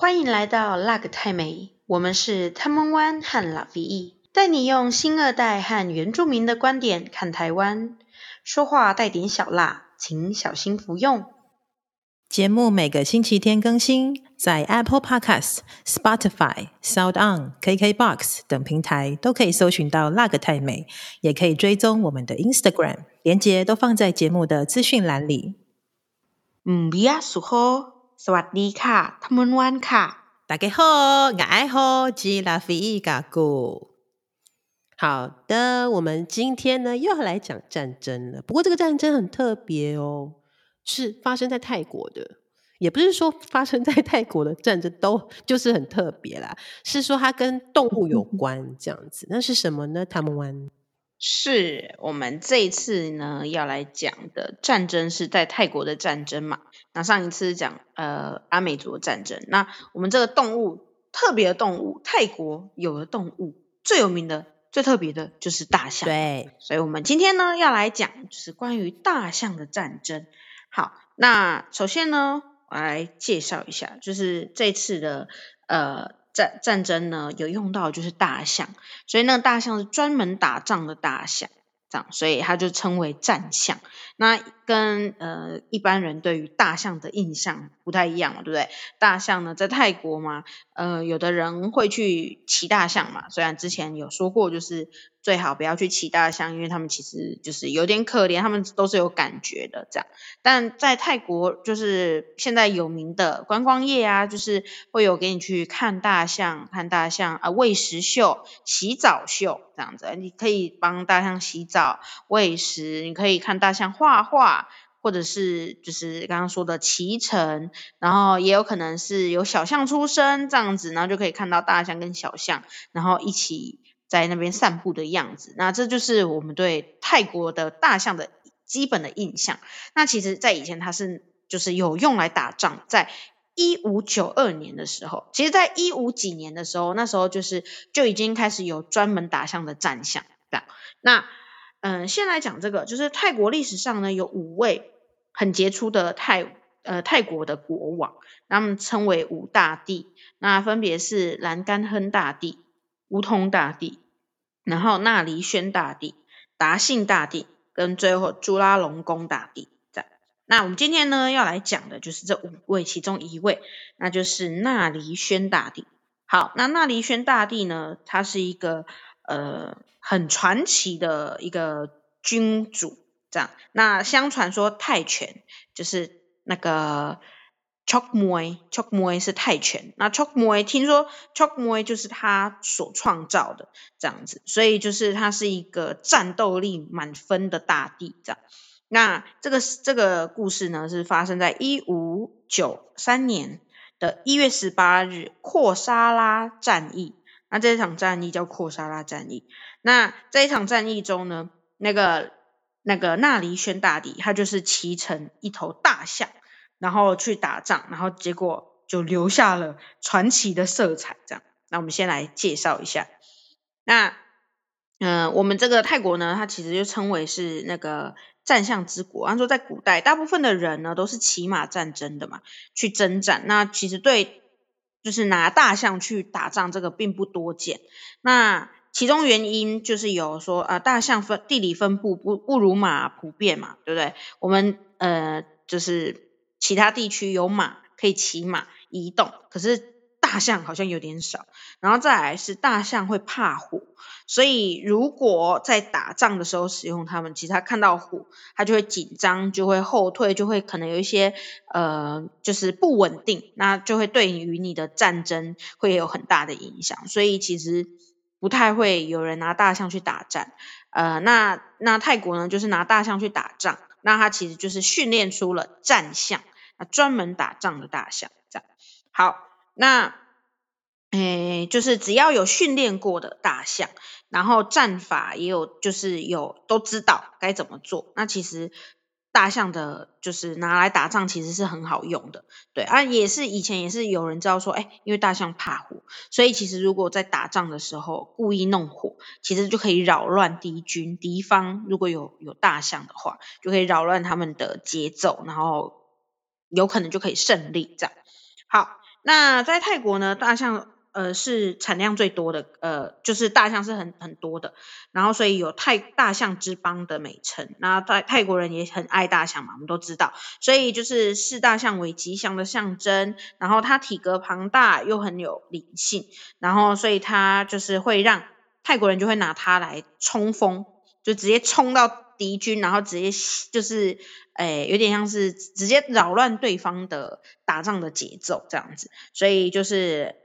歡迎來到《辣個泰美》，我們是 Tamonwan 和 Lavie，帶你用新二代和原住民的觀點看台灣，說話帶點小辣，請小心服用。節目每個星期天更新，在 Apple Podcasts、Spotify、Sound On、KK Box 等平台都可以搜尋到《辣個泰美》，也可以追蹤我們的 Instagram，連接都放在節目的資訊欄裡。嗯，不要說สวัสดีค่ะทัมมันวันค่ะ大家好，我愛喝吉拉飛咖古。好的，我們今天呢又要來講戰爭了。不過這個戰爭很特別哦，是發生在泰國的，也不是說發生在泰國的戰爭都就是很特別啦，是說它跟動物有關這樣子。 那是什麼呢？塔姆曼。是，我們這一次呢要來講的戰爭是在泰國的戰爭嘛。那上一次講呃阿美族戰爭，那我們這個動物，特別的動物，泰國有的動物最有名的、最特別的就是大象。對，所以我們今天呢要來講就是關於大象的戰爭。好，那首先呢，我來介紹一下，就是這次的呃。戰戰爭呢有用到的就是大象，所以那個大象是專門打仗的大象，這樣，所以它就稱為戰象。那跟呃一般人對於大象的印象。不太一樣了，對不對？大象呢，在泰國嘛，呃，有的人會去騎大象嘛。雖然之前有說過，就是最好不要去騎大象，因為他們其實就是有點可憐，他們都是有感覺的這樣。但在泰國，就是現在有名的觀光業啊，就是會有給你去看大象、看大象啊，呃，餵食秀、洗澡秀這樣子。你可以幫大象洗澡、餵食，你可以看大象畫畫。或者是就是剛剛說的騎乘，然後也有可能是有小象出生這樣子，然後就可以看到大象跟小象，然後一起在那邊散步的樣子。那這就是我們對泰國的大象的基本的印象。那其實，在以前它是就是有用來打仗，在一五九二年的時候，其實在一五幾年的時候，那時候就是就已經開始有專門打象的戰象這樣。那嗯，先來講這個，就是泰國歷史上呢有五位。很傑出的泰呃泰國的國王，他們稱為五大帝，那分別是蘭甘亨大帝、烏通大帝、然後納黎萱大帝、達信大帝跟最後朱拉隆功大帝，那我們今天呢要來講的就是這五位其中一位，那就是納黎萱大帝。好，那納黎萱大帝呢，他是一個呃很傳奇的一個君主。這樣，那相傳說泰拳就是那個 Chok Moy，Chok Moy 是泰拳。那 Chok Moy 聽說 Chok Moy 就是他所創造的這樣子，所以就是他是一個戰鬥力滿分的大帝這樣。那這個這個故事呢，是發生在一五九三年的一月十八日，廓沙拉戰役。那這一場戰役叫廓沙拉戰役。那這一場戰役中呢，那個。那個納黎萱大帝，他就是騎乘一頭大象，然後去打仗，然後結果就留下了傳奇的色彩。這樣，那我們先來介紹一下。那，嗯、呃，我們這個泰國呢，它其實就稱為是那個戰象之國。按說在古代，大部分的人呢都是騎馬戰爭的嘛，去征戰。那其實對，就是拿大象去打仗這個並不多見。那其中原因就是有說啊、呃，大象分地理分布不不如馬普遍嘛，對不對？我們呃就是其他地區有馬可以騎馬移動，可是大象好像有點少。然後再來是大象會怕火，所以如果在打仗的時候使用它們，其實它看到火它就會緊張，就會後退，就會可能有一些呃就是不穩定，那就會對於你的戰爭會有很大的影響。所以其實。不太會有人拿大象去打仗，呃，那那泰國呢，就是拿大象去打仗，那它其實就是訓練出了戰象，啊，專門打仗的大象，這樣，好，那，誒，就是只要有訓練過的大象，然後戰法也有，就是有都知道該怎麼做，那其實。大象的，就是拿來打仗，其實是很好用的。對啊，也是以前也是有人知道說，誒、哎，因為大象怕火，所以其實如果在打仗的時候故意弄火，其實就可以擾亂敵軍。敵方如果有有大象的話，就可以擾亂他們的節奏，然後有可能就可以勝利。這樣。好，那在泰國呢，大象。呃，是產量最多的，呃，就是大象是很很多的，然後所以有泰大象之邦的美稱，那泰泰國人也很愛大象嘛，我們都知道，所以就是視大象為吉祥的象徵，然後它體格龐大又很有靈性，然後所以它就是會讓泰國人就會拿它來衝鋒，就直接衝到敵軍，然後直接就是，誒、呃、有點像是直接擾亂對方的打仗的節奏這樣子，所以就是。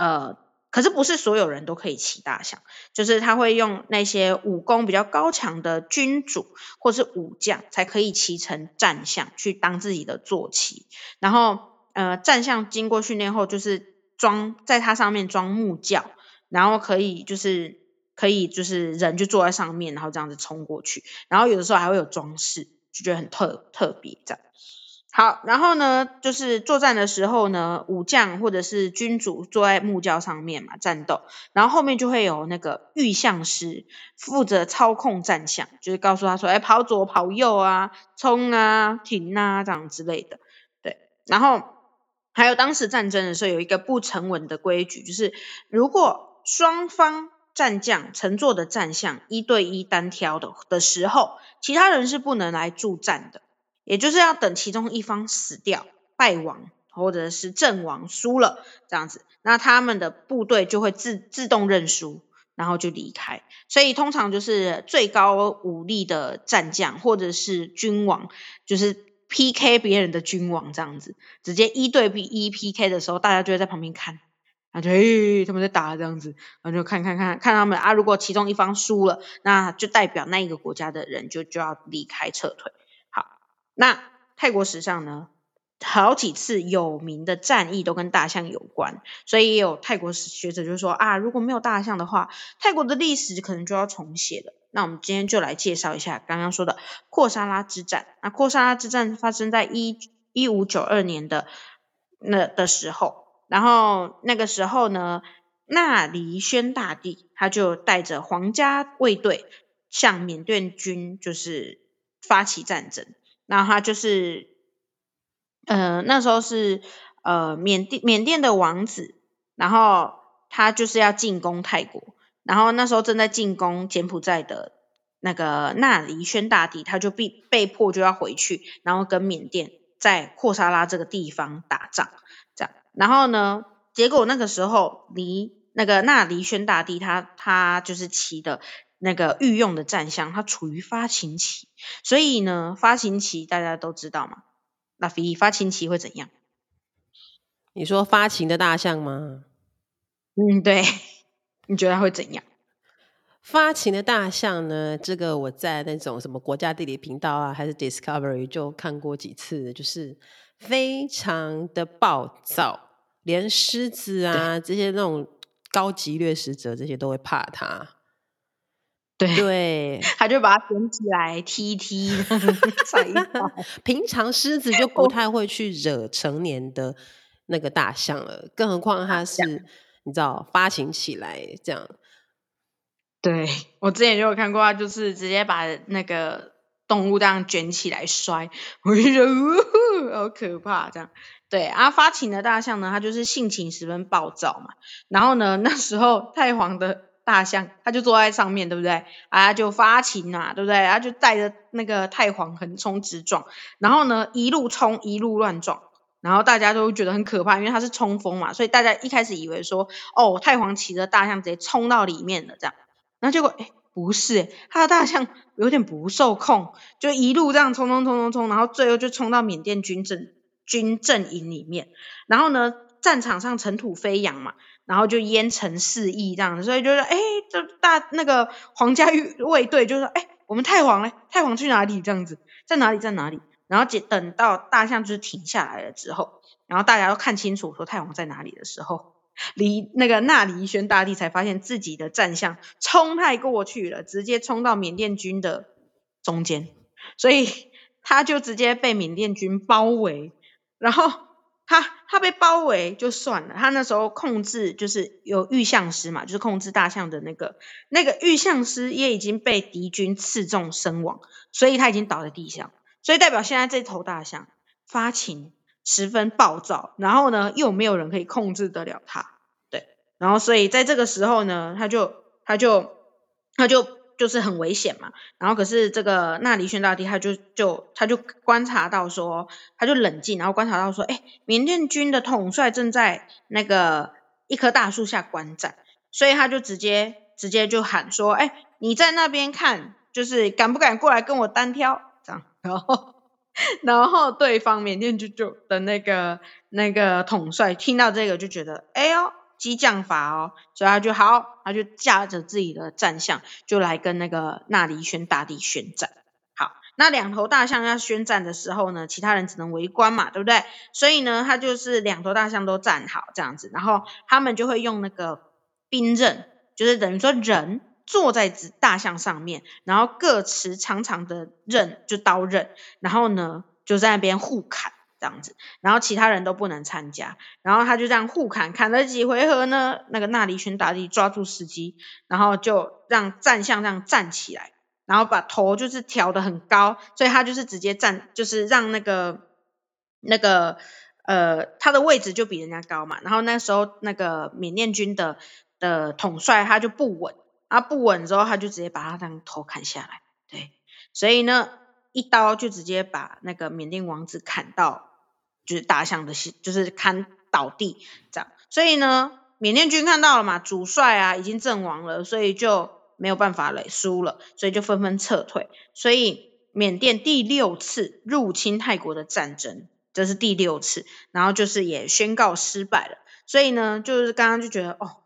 呃，可是不是所有人都可以騎大象，就是他會用那些武功比較高強的君主或是武將才可以騎成戰象去當自己的坐騎，然後呃戰象經過訓練後就是裝在它上面裝木轎，然後可以就是可以就是人就坐在上面，然後這樣子衝過去，然後有的時候還會有裝飾，就覺得很特特別這樣。好，然後呢，就是作戰的時候呢，武將或者是君主坐在木轎上面嘛，戰鬥，然後後面就會有那個御象師負責操控戰象，就是告訴他說，哎，跑左跑右啊，衝啊，停啊，這樣之類的。對，然後還有當時戰爭的時候有一個不成文的規矩，就是如果雙方戰將乘坐的戰象一對一單挑的的時候，其他人是不能來助戰的。也就是要等其中一方死掉、敗亡或者是陣亡、輸了這樣子，那他們的部隊就會自自動認輸，然後就離開。所以通常就是最高武力的戰將或者是君王，就是 PK 別人的君王這樣子，直接一對比一 PK 的時候，大家就會在旁邊看，啊，覺、欸、嘿、欸、他們在打這樣子，然後就看看看看他們啊。如果其中一方輸了，那就代表那一個國家的人就就要離開撤退。那泰國史上呢，好幾次有名的戰役都跟大象有關，所以也有泰國史學者就說啊，如果沒有大象的話，泰國的歷史可能就要重寫了。那我們今天就來介紹一下剛剛說的廓沙拉之戰。那、啊、廓沙拉之戰發生在一一五九二年的那的時候，然後那個時候呢，納黎萱大帝他就帶着皇家衛隊向緬甸軍就是發起戰爭。然後他就是，呃，那時候是呃緬甸緬甸的王子，然後他就是要進攻泰國，然後那時候正在進攻柬埔寨的那個納黎萱大帝，他就被被迫就要回去，然後跟緬甸在廓沙拉這個地方打仗，這樣，然後呢，結果那個時候離那個納黎萱大帝他他就是騎的。那個御用的戰象，它處於發情期，所以呢，發情期大家都知道嘛。那非發情期會怎樣？你說發情的大象嗎？嗯，對。你覺得它會怎樣？發情的大象呢？這個我在那種什麼國家地理頻道啊，還是 Discovery 就看過幾次，就是非常的暴躁，連獅子啊對這些那種高級掠食者，這些都會怕它。對，對 他就把它捲起來踢一踢。一平常獅子就不太會去惹成年的那個大象了，更何況它是樣你知道發情起來這樣。對我之前就有看過，就是直接把那個動物這樣捲起來摔，我就覺得嗚好可怕這樣。對啊，發情的大象呢，它就是性情十分暴躁嘛。然後呢，那時候泰皇的。大象，他就坐在上面，對不對？啊，就發情啊，對不對？然後就帶着那個太皇橫衝直撞，然後呢，一路衝，一路亂撞，然後大家都覺得很可怕，因為他是衝鋒嘛，所以大家一開始以為說，哦，太皇騎着大象直接衝到裡面了，這樣，那結果，誒，不是、欸，他的大象有點不受控，就一路這樣衝冲冲冲冲，然後最後就衝到緬甸軍陣軍陣營裡面，然後呢，戰場上塵土飛揚嘛。然後就煙塵四溢這樣子，所以就是誒，這大那個皇家御衛隊就說，誒，我們泰皇呢？泰皇去哪裡？這樣子，在哪裡在哪裡？然後等等到大象就是停下來了之後，然後大家都看清楚說泰皇在哪裡的時候，離那個納黎萱大帝才發現自己的戰象衝太過去了，直接衝到緬甸軍的中間，所以他就直接被緬甸軍包圍，然後。他他被包圍就算了，他那時候控制就是有御象師嘛，就是控制大象的那個那個御象師也已經被敵軍刺中身亡，所以他已經倒在地上，所以代表現在這頭大象發情十分暴躁，然後呢又沒有人可以控制得了他，對，然後所以在這個時候呢，他就他就他就。他就就是很危險嘛，然後可是這個納黎萱大帝他就就他就觀察到說，他就冷靜，然後觀察到說，誒緬甸軍的統帥正在那個一棵大樹下觀戰，所以他就直接直接就喊說，誒你在那邊看，就是敢不敢過來跟我單挑？這樣，然後然後對方緬甸軍就的那個那個統帥聽到這個就覺得，哎呦。激將法哦，所以他就好，他就架着自己的戰象，就來跟那個納黎萱大帝宣戰。好，那兩頭大象要宣戰的時候呢，其他人只能圍觀嘛，對不對？所以呢，他就是兩頭大象都站好這樣子，然後他們就會用那個兵刃，就是等於說人坐在大象上面，然後各持長長的刃，就刀刃，然後呢，就在那邊互砍。這樣子，然後其他人都不能參加，然後他就這樣互砍，砍了幾回合呢？那個納黎萱大帝抓住時機，然後就讓戰象這樣站起來，然後把頭就是挑的很高，所以他就是直接站，就是讓那個那個呃他的位置就比人家高嘛，然後那時候那個緬甸軍的的統帥他就不穩，啊不穩之後他就直接把他當頭砍下來，對，所以呢一刀就直接把那個緬甸王子砍到。就是大象的，就是砍倒地這樣，所以呢，緬甸軍看到了嘛，主帥啊已經陣亡了，所以就沒有辦法了，輸了，所以就紛紛撤退。所以緬甸第六次入侵泰國的戰爭，這是第六次，然後就是也宣告失敗了，所以呢，就是剛剛就覺得哦，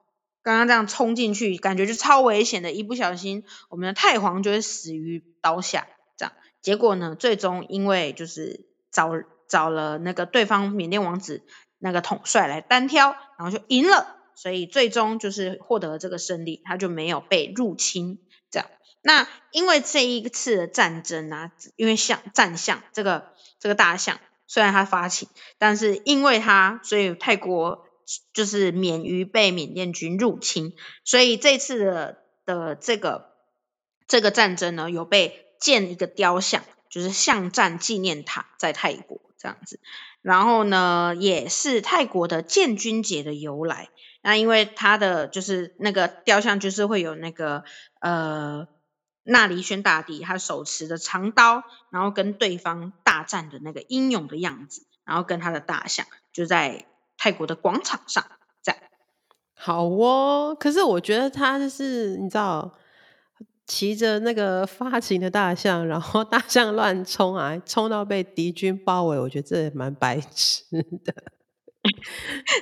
剛剛這樣衝進去，感覺就超危險的，一不小心我們的泰皇就會死於刀下這樣，結果呢，最終因為就是遭。找了那個對方緬甸王子那個統帥來單挑，然後就贏了，所以最終就是獲得了這個勝利，他就沒有被入侵。這樣，那因為這一次的戰爭啊，因為象戰象這個這個大象雖然他發情，但是因為他，所以泰國就是免於被緬甸軍入侵。所以這次的的這個這個戰爭呢，有被建一個雕像，就是象戰紀念塔在泰國。這樣子，然後呢，也是泰國的建軍節的由來。那因為他的就是那個雕像，就是會有那個呃納黎萱大帝他手持着長刀，然後跟對方大戰的那個英勇的樣子，然後跟他的大象就在泰國的廣場上站。好哦，可是我覺得他就是你知道。騎着那個發情的大象，然後大象亂衝啊，衝到被敵軍包圍，我覺得這蠻白痴的。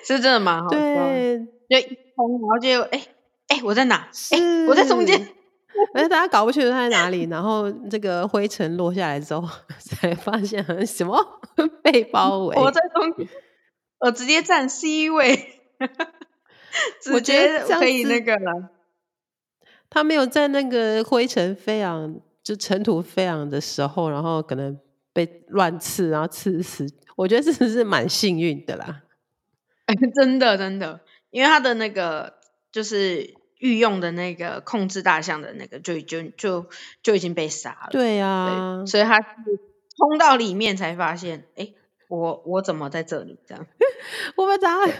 是真的嗎？對，就一衝，然後就哎哎，我在哪？誒是、欸、我在中間，反正大家搞不清楚他在哪裡。然後這個灰塵落下來之後，才發現什麼？被包圍？我在中，我直接站 C 位，我覺得可以那個了。他沒有在那個灰塵飛揚，就塵土飛揚的時候，然後可能被亂刺，然後刺死。我覺得這是蠻幸運的啦，哎、真的真的，因為他的那個就是御用的那個控制大象的那個，就已經就就，就已經被殺了。對啊對，所以他是衝到裡面才發現，哎，我我怎麼在這裡？這樣 我們大家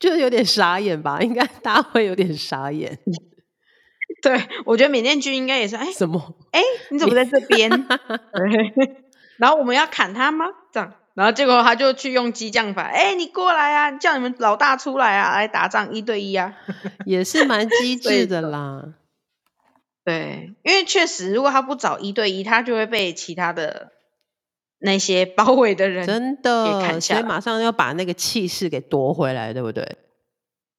就是有點傻眼吧？應該大家會有點傻眼。對，我覺得緬甸軍應該也是，哎，什麼？哎，你怎麼在這邊？ 然後我們要砍他嗎？這樣，然後結果他就去用激將法，哎，你過來啊，叫你們老大出來啊，來打仗一對一啊， 也是蠻機智的啦。 對，因為確實，如果他不找一對一，他就會被其他的那些包圍的人給真的砍下，所以馬上要把那個氣勢給奪回來，對不對？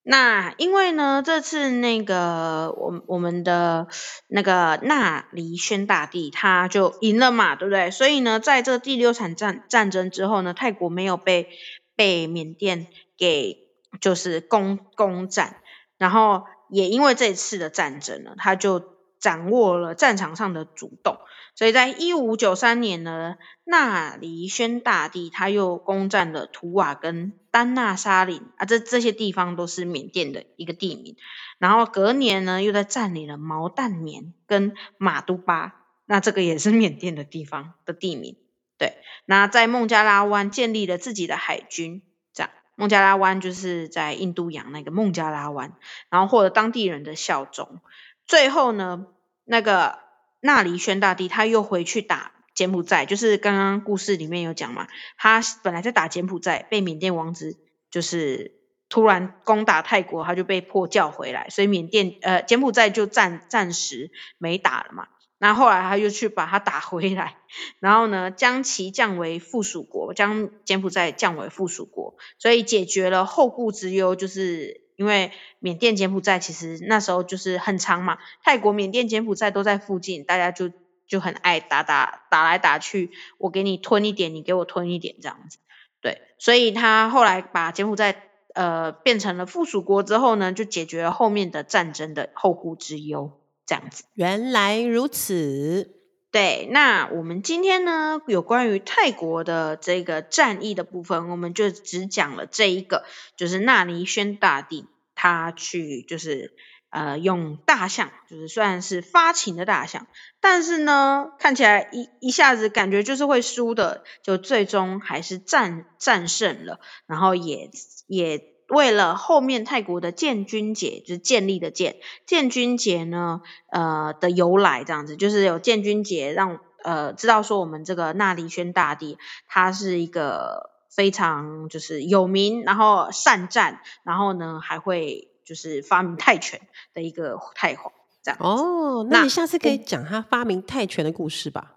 那因為呢，這次那個我我們的那個納黎萱大帝他就贏了嘛，對不對？所以呢，在這第六場戰戰爭之後呢，泰國沒有被被緬甸給就是攻攻佔，然後也因為這次的戰爭呢，他就。掌握了戰場上的主動，所以在一五九三年呢，納黎萱大帝他又攻占了土瓦跟丹那沙林啊，這，這這些地方都是緬甸的一個地名。然後隔年呢，又再占領了毛淡棉跟馬都巴，那這個也是緬甸的地方的地名。對，那在孟加拉灣建立了自己的海軍，這樣。孟加拉灣就是在印度洋那個孟加拉灣，然後獲得當地人的效忠。最後呢，那個納黎萱大帝他又回去打柬埔寨，就是剛剛故事裡面有講嘛，他本來在打柬埔寨，被緬甸王子就是突然攻打泰國，他就被迫叫回來，所以緬甸呃柬埔寨就暫暫時沒打了嘛。然後，後來他又去把他打回來，然後呢將其降為附屬國，將柬埔寨降為附屬國，所以解決了後顧之憂，就是。因為緬甸、柬埔寨，其實那時候就是很長嘛，泰國、緬甸、柬埔寨都在附近，大家就就很愛打打打來打去，我給你吞一點，你給我吞一點這樣子。對，所以他後來把柬埔寨呃變成了附屬國之後呢，就解決了後面的戰爭的後顧之憂這樣子。原來如此。對，那我們今天呢，有關於泰國的這個戰役的部分，我們就只講了這一個，就是納黎萱大帝他去就是呃用大象，就是雖然是發情的大象，但是呢看起來一一下子感覺就是會輸的，就最終還是戰戰勝了，然後也也。為了後面泰國的建軍節，就是建立的建建軍節呢，呃的由來這樣子，就是有建軍節讓呃知道說我們這個納黎萱大帝，他是一個非常就是有名，然後善戰，然後呢還會就是發明泰拳的一個泰皇，這樣子。哦，那你下次可以講他發明泰拳的故事吧。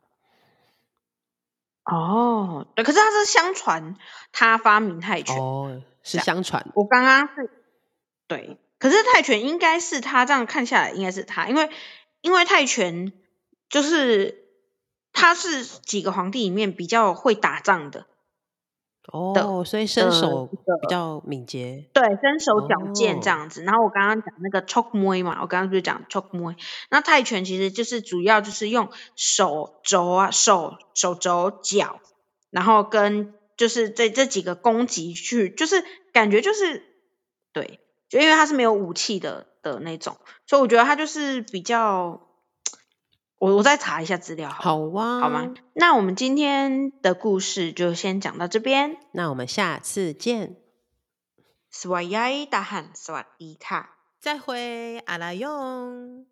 嗯、哦，對，可是他是相傳他發明泰拳。哦是相傳，我剛剛是，對，可是泰拳應該是他這樣看下來應該是他，因為因為泰拳就是他是幾個皇帝裡面比較會打仗的，哦，的所以身手比較敏捷，對，身手矯健這樣子。哦、然後我剛剛講那個戳摸嘛，我剛剛就講戳摸，那泰拳其實就是主要就是用手肘啊、手手肘、腳，然後跟。就是這這幾個攻擊去，就是感覺就是，對，就因為他是沒有武器的的那種，所以我覺得他就是比較，我我再查一下資料好，好哇、啊，好嗎？那我們今天的故事就先講到這邊，那我們下次見，swaya i 大喊 swaika，再會阿拉勇。